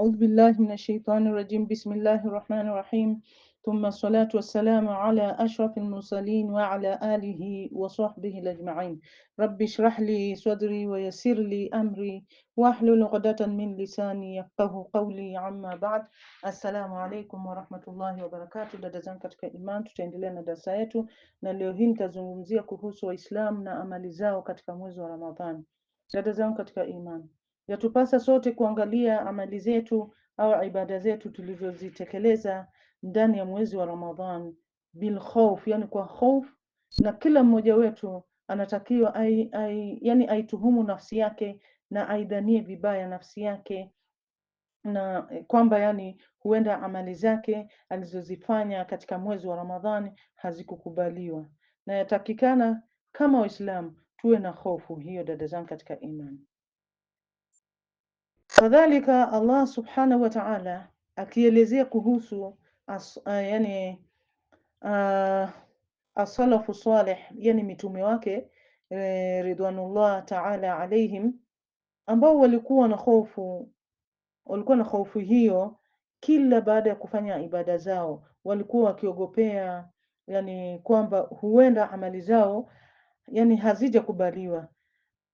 Audhu billahi minashaitani rajim. Bismillahi rahmani rahim. Thumma salatu wassalamu ala ashrafil mursalin wa ala alihi wa sahbihi ajmain. Rabbi shrah li sadri wa yassir li amri wahlul uqdatan min lisani yafqahu qawli. Amma ba'd. Assalamu alaykum wa rahmatullahi wa barakatuh. Dada zangu katika iman, tutaendelea na darasa yetu, na leo hii nitazungumzia kuhusu Waislamu na amali zao katika mwezi wa Ramadhani. Dada zangu katika iman Yatupasa sote kuangalia amali zetu au ibada zetu tulivyozitekeleza ndani ya mwezi wa Ramadhan bil khauf, yani kwa hofu, na kila mmoja wetu anatakiwa ai, ai, yani aituhumu nafsi yake na aidhanie vibaya nafsi yake na kwamba yani huenda amali zake alizozifanya katika mwezi wa Ramadhani hazikukubaliwa, na yatakikana kama Waislamu tuwe na hofu hiyo, dada zangu katika imani. Kadhalika Allah subhanahu wa ta'ala akielezea kuhusu as, uh, yani uh, ah, asalafu salih, yani mitume wake eh, ridwanullah ta'ala alaihim, ambao walikuwa na hofu, walikuwa na hofu hiyo kila baada ya kufanya ibada zao, walikuwa wakiogopea yani kwamba huenda amali zao yani hazijakubaliwa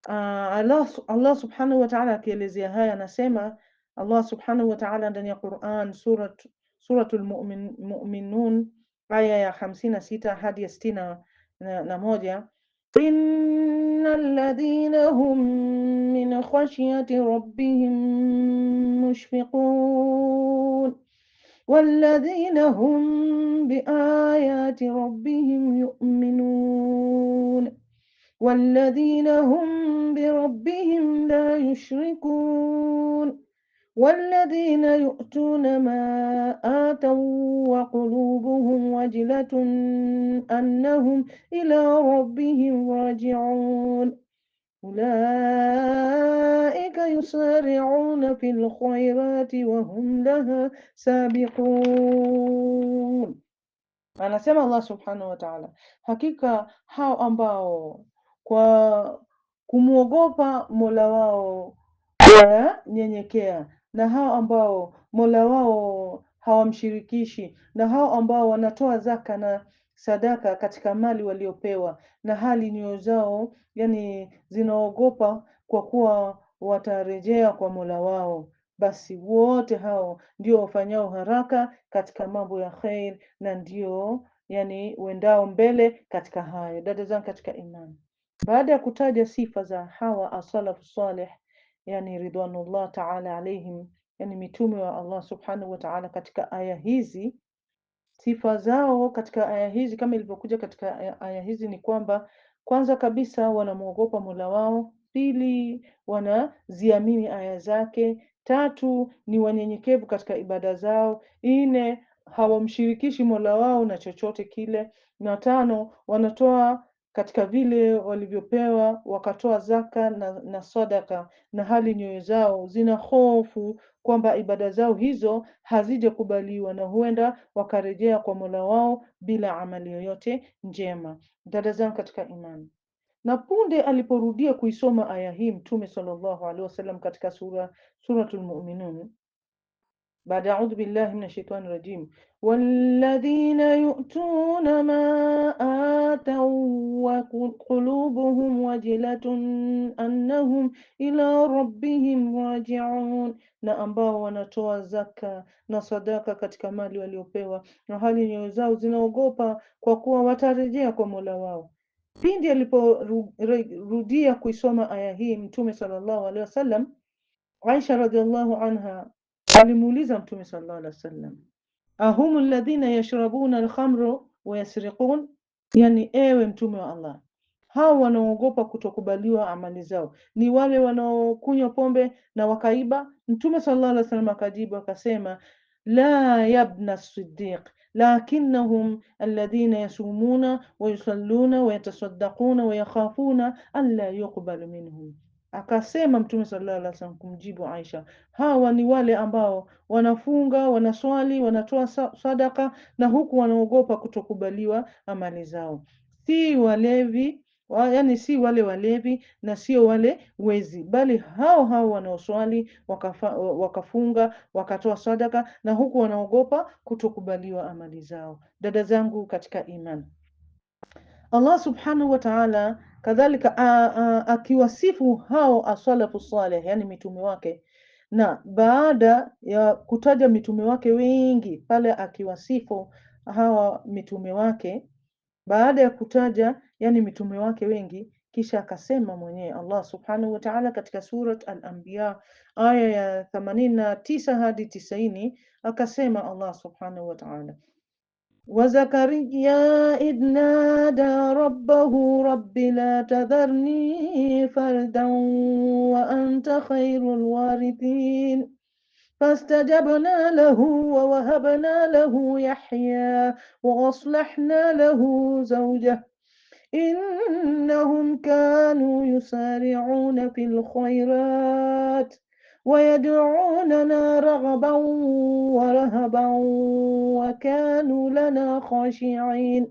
Allah, Allah subhanahu wa ta'ala akielezea haya anasema Allah subhanahu wa ta'ala ndani ya Quran surat suratul mu'min, mu'minun aya ya hamsini na sita hadi ya sitini na moja inna alladhina hum min khashyati rabbihim mushfiqun والذين هم بآيات ربهم يؤمنون والذين هم بربهم لا يشركون والذين يؤتون ما آتوا وقلوبهم وجلة أنهم إلى ربهم راجعون أولئك يسارعون في الخيرات وهم لها سابقون أنا سمع الله سبحانه وتعالى حقيقة هاو أمباو kwa kumwogopa Mola wao nyenyekea na hao ambao Mola wao hawamshirikishi, na hao ambao wanatoa zaka na sadaka katika mali waliopewa, na hali nyoyo zao yani zinaogopa kwa kuwa watarejea kwa Mola wao. Basi wote hao ndio wafanyao haraka katika mambo ya khair na ndio yani wendao mbele katika hayo. Dada zangu katika imani baada ya kutaja sifa za hawa asalafu saleh, yani ridwanullah taala alaihim, yani mitume wa Allah subhanahu wa taala, katika aya hizi sifa zao katika aya hizi kama ilivyokuja katika aya hizi ni kwamba kwanza kabisa wanamwogopa Mola wao, pili wanaziamini aya zake, tatu ni wanyenyekevu katika ibada zao, nne hawamshirikishi Mola wao na chochote kile, na tano wanatoa katika vile walivyopewa, wakatoa zaka na, na sadaka, na hali nyoyo zao zina hofu kwamba ibada zao hizo hazijakubaliwa na huenda wakarejea kwa Mola wao bila amali yoyote njema. Dada zangu katika imani, na punde aliporudia kuisoma aya hii Mtume sallallahu alaihi wasallam katika sura Suratul Muminun baada audhu billahi min shaitani rajim, walladhina yu'tuna ma atau wa qulubuhum wajilatun annahum ila rabbihim rajiun, na ambao wanatoa zaka na sadaka katika mali waliopewa, na hali nyoyo zao zinaogopa kwa kuwa watarejea kwa Mola wao. Pindi aliporudia kuisoma aya hii Mtume sallallahu alaihi wasallam, Aisha radhiallahu anha Alimuuliza Mtume sallallahu alaihi wasallam, ahumu alladhina yashrabuna alkhamru wa yasriqun, yani ewe Mtume wa Allah, hao wanaoogopa kutokubaliwa amali zao ni wale wanaokunywa pombe na wakaiba? Mtume sallallahu alaihi wasallam akajibu akasema, la yabna siddiq lakinnahum alladhina yasumuna wa yusalluna wa yatasaddaquna wa yakhafuna la yuqbal minhum Akasema Mtume sallallahu alaihi wasallam kumjibu Aisha, hawa ni wale ambao wanafunga, wanaswali, wanatoa sadaka na huku wanaogopa kutokubaliwa amali zao, si walevi wa, yani si wale walevi na sio wale wezi, bali hao hao wanaoswali wakafa, wakafunga wakatoa sadaka na huku wanaogopa kutokubaliwa amali zao. Dada zangu katika iman Allah subhanahu wa ta'ala kadhalika akiwasifu hao asalafu saleh, yani mitume wake, na baada ya kutaja mitume wake wengi pale akiwasifu hawa mitume wake, baada ya kutaja yani mitume wake wengi, kisha akasema mwenyewe Allah subhanahu wa ta'ala katika Surat Al-Anbiya aya ya 89 hadi 90, akasema Allah subhanahu wa ta'ala وزكريا إذ نادى ربه رب لا تذرني فردا وأنت خير الوارثين فاستجبنا له ووهبنا له يحيى وأصلحنا له زوجه إنهم كانوا يسارعون في الخيرات ويدعوننا رغبا ورهبا wakanu lana خاشعين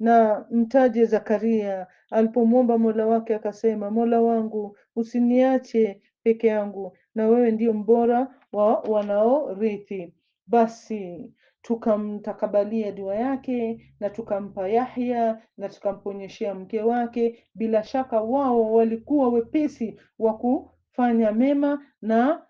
Na mtaje Zakaria alipomwomba mola wake akasema, mola wangu usiniache peke yangu, na wewe ndio mbora wa wanaorithi. Basi tukamtakabalia dua yake na tukampa Yahya na tukamponyeshea mke wake. Bila shaka wao walikuwa wepesi wa fanya mema na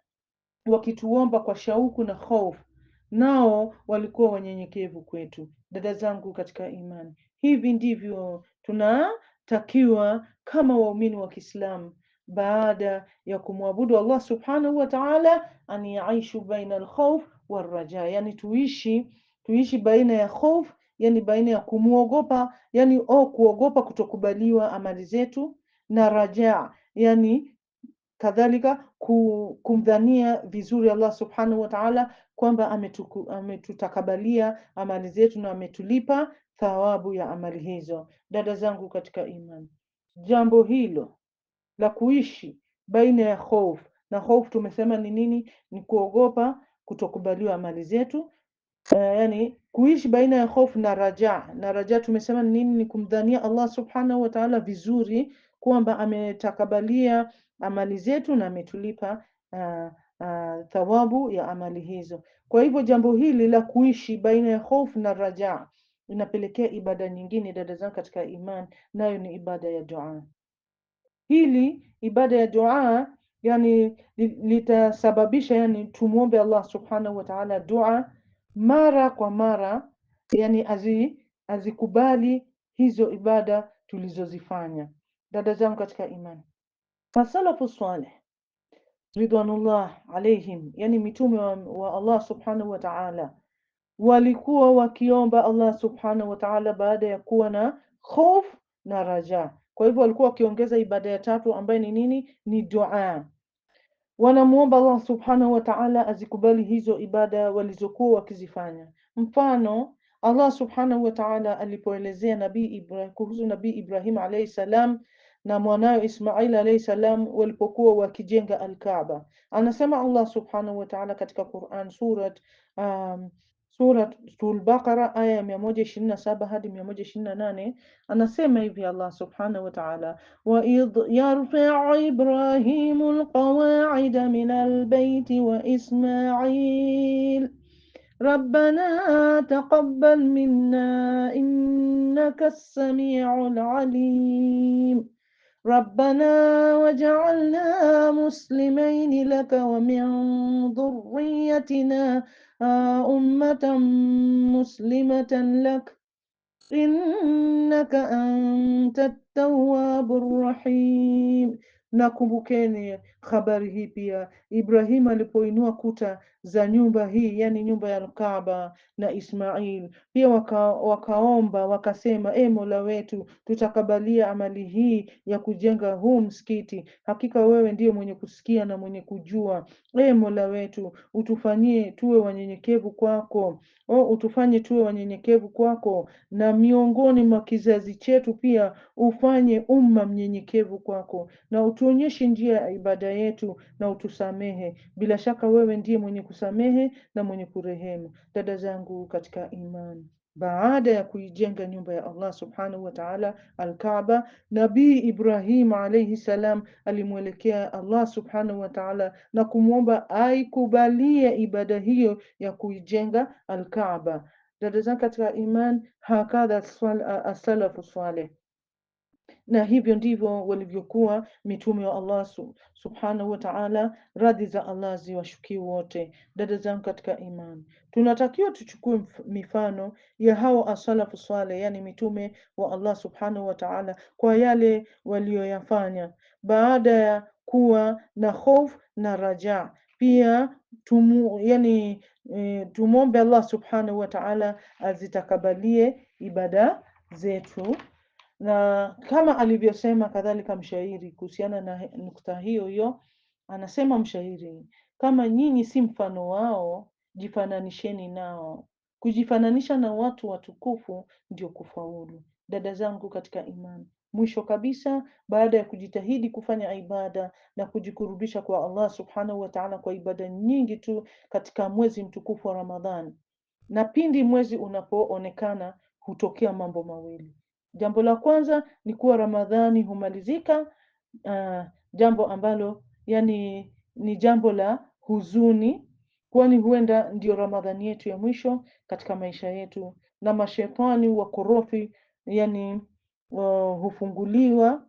wakituomba kwa shauku na hofu, nao walikuwa wanyenyekevu kwetu. Dada zangu katika imani, hivi ndivyo tunatakiwa kama waumini wa Kiislamu baada ya kumwabudu Allah subhanahu wa ta'ala, an yaishu baina alkhawf warraja, yani tuishi tuishi baina ya hofu, yani baina ya kumwogopa, yani o oh, kuogopa kutokubaliwa amali zetu na rajaa, yani kadhalika kumdhania vizuri Allah subhanahu wa ta'ala kwamba ametutakabalia amali zetu na ametulipa thawabu ya amali hizo. Dada zangu katika imani, jambo hilo la kuishi baina ya hofu na hofu, tumesema ni nini? Ni kuogopa kutokubaliwa amali zetu. Uh, yani kuishi baina ya hofu na raja na raja, tumesema ni nini? Ni kumdhania Allah subhanahu wa ta'ala vizuri kwamba ametakabalia amali zetu na ametulipa uh, uh, thawabu ya amali hizo. Kwa hivyo jambo hili la kuishi baina ya hofu na rajaa inapelekea ibada nyingine, dada zangu katika iman, nayo ni ibada ya dua. Hili ibada ya dua yani litasababisha yani tumwombe Allah subhanahu wa ta'ala dua mara kwa mara, yani azikubali azi hizo ibada tulizozifanya dada zangu katika imani, masalafu saleh ridwanullah alayhim, yani mitume wa, wa Allah subhanahu wa ta'ala, walikuwa wakiomba Allah subhanahu wa ta'ala baada ya kuwa na hofu na raja. Kwa hivyo walikuwa wakiongeza ibada ya tatu ambayo ni nini? Ni dua. Wanamuomba Allah subhanahu wa ta'ala azikubali hizo ibada walizokuwa wakizifanya. Mfano, Allah subhanahu wa ta'ala alipoelezea nabii Ibrahim, kuhusu nabii Ibrahim alayhi salam na mwanawe Ismail alayhi salam walipokuwa wakijenga Al-Kaaba. Anasema Allah subhanahu wa ta'ala katika Quran surat um, Suratul Baqara aya ya 127 hadi 128, anasema hivi Allah subhanahu wa ta'ala, wa idh yarfa'u Ibrahimu alqawa'ida min albayti wa Ismail rabbana taqabbal minna innaka إنك السميع العليم ربنا وجعلنا مسلمين لك ومن ذريتنا آه، أمة مسلمة لك إنك أنت التواب الرحيم. Nakumbukeni habari hii pia, Ibrahimu alipoinua kuta za nyumba hii, yani nyumba ya Alkaaba na Ismail. Pia waka, wakaomba wakasema, e Mola wetu, tutakabalia amali hii ya kujenga huu msikiti, hakika wewe ndiye mwenye kusikia na mwenye kujua. E Mola wetu, utufanyie tuwe wanyenyekevu kwako, o utufanye tuwe wanyenyekevu kwako, na miongoni mwa kizazi chetu pia ufanye umma mnyenyekevu kwako, na utuonyeshe njia ya ibada yetu na utusamehe. Bila shaka wewe ndiye mwenye kusikia kusamehe na mwenye kurehema. Dada zangu katika imani, baada ya kuijenga nyumba ya Allah subhanahu wa ta'ala, Al-Kaaba, Nabii Ibrahim alayhi salam alimwelekea Allah subhanahu wa ta'ala na kumwomba aikubalie ibada hiyo ya kuijenga Al-Kaaba. Dada zangu katika imani, hakadha as-salafu salih na hivyo ndivyo walivyokuwa mitume wa Allah subhanahu wa ta'ala, radhi za Allah ziwashukie wote. Dada zangu katika imani, tunatakiwa tuchukue mifano ya hao asalafu saleh, yani mitume wa Allah subhanahu wa ta'ala, kwa yale walioyafanya baada ya kuwa na hofu na raja Pia tumu, yani, e, tumwombe Allah subhanahu wa ta'ala azitakabalie ibada zetu na kama alivyosema kadhalika mshairi kuhusiana na nukta hiyo hiyo, anasema mshairi, kama nyinyi si mfano wao, jifananisheni nao. Kujifananisha na watu watukufu ndio kufaulu. Dada zangu katika imani, mwisho kabisa, baada ya kujitahidi kufanya ibada na kujikurubisha kwa Allah subhanahu wa ta'ala kwa ibada nyingi tu katika mwezi mtukufu wa Ramadhani, na pindi mwezi unapoonekana hutokea mambo mawili Jambo la kwanza ni kuwa Ramadhani humalizika, uh, jambo ambalo yani ni jambo la huzuni, kwani huenda ndiyo Ramadhani yetu ya mwisho katika maisha yetu, na mashetani wakorofi yani uh, hufunguliwa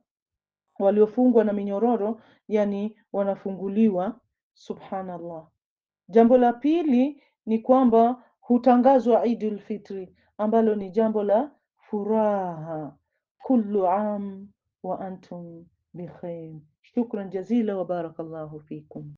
waliofungwa na minyororo yani wanafunguliwa. Subhanallah. Jambo la pili ni kwamba hutangazwa Idul Fitri ambalo ni jambo la فراها كل عام وأنتم بخير شكرا جزيلا وبارك الله فيكم